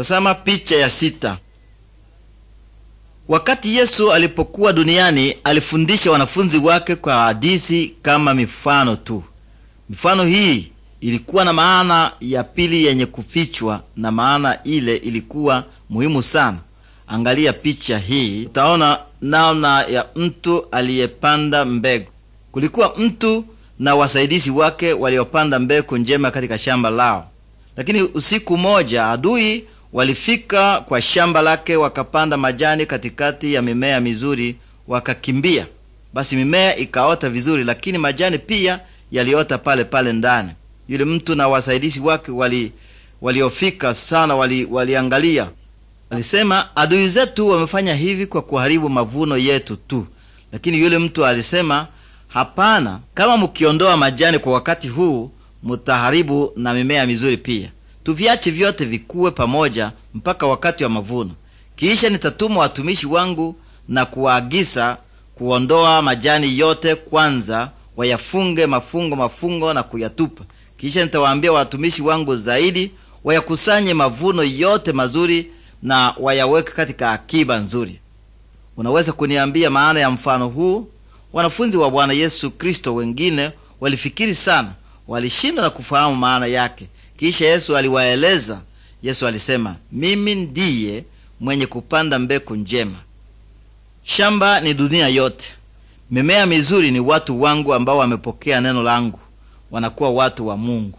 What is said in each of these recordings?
Tazama picha ya sita. Wakati Yesu alipokuwa duniani alifundisha wanafunzi wake kwa hadithi kama mifano tu. Mifano hii ilikuwa na maana ya pili yenye kufichwa, na maana ile ilikuwa muhimu sana. Angalia picha hii, utaona namna ya mtu aliyepanda mbegu. Kulikuwa mtu na wasaidizi wake waliopanda mbegu njema katika shamba lao, lakini usiku moja adui Walifika kwa shamba lake wakapanda majani katikati ya mimea mizuri wakakimbia. Basi mimea ikaota vizuri, lakini majani pia yaliota pale pale ndani. Yule mtu na wasaidizi wake wali waliofika sana wali, waliangalia, alisema adui zetu wamefanya hivi kwa kuharibu mavuno yetu tu. Lakini yule mtu alisema hapana, kama mkiondoa majani kwa wakati huu mutaharibu na mimea mizuri pia tuviache vyote vikuwe pamoja mpaka wakati wa mavuno. Kisha nitatuma watumishi wangu na kuwaagisa kuondoa majani yote kwanza, wayafunge mafungo mafungo na kuyatupa. Kisha nitawaambia watumishi wangu zaidi, wayakusanye mavuno yote mazuri na wayaweke katika akiba nzuri. Unaweza kuniambia maana ya mfano huu? Wanafunzi wa Bwana Yesu Kristo wengine walifikiri sana, walishindwa na kufahamu maana yake. Kisha Yesu aliwaeleza. Yesu alisema, mimi ndiye mwenye kupanda mbegu njema. Shamba ni dunia yote. Mimea mizuri ni watu wangu ambao wamepokea neno langu, wanakuwa watu wa Mungu.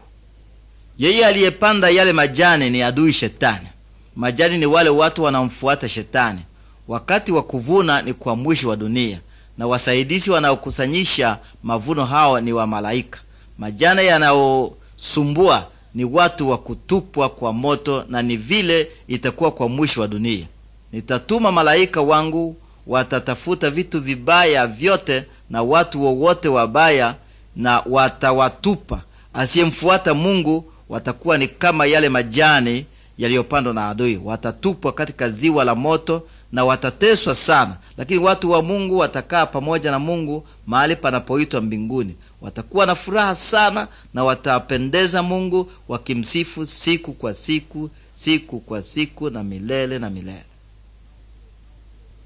Yeye aliyepanda yale majani ni adui Shetani. Majani ni wale watu wanaomfuata Shetani. Wakati wa kuvuna ni kwa mwisho wa dunia, na wasaidizi wanaokusanyisha mavuno hao ni wa malaika. Majani yanayosumbua ni watu wa kutupwa kwa moto, na ni vile itakuwa kwa mwisho wa dunia. Nitatuma malaika wangu, watatafuta vitu vibaya vyote na watu wowote wabaya, na watawatupa. Asiyemfuata Mungu watakuwa ni kama yale majani yaliyopandwa na adui, watatupwa katika ziwa la moto na watateswa sana, lakini watu wa Mungu watakaa pamoja na Mungu mahali panapoitwa mbinguni. Watakuwa na furaha sana na watapendeza Mungu wakimsifu siku kwa siku, siku kwa siku na milele na milele.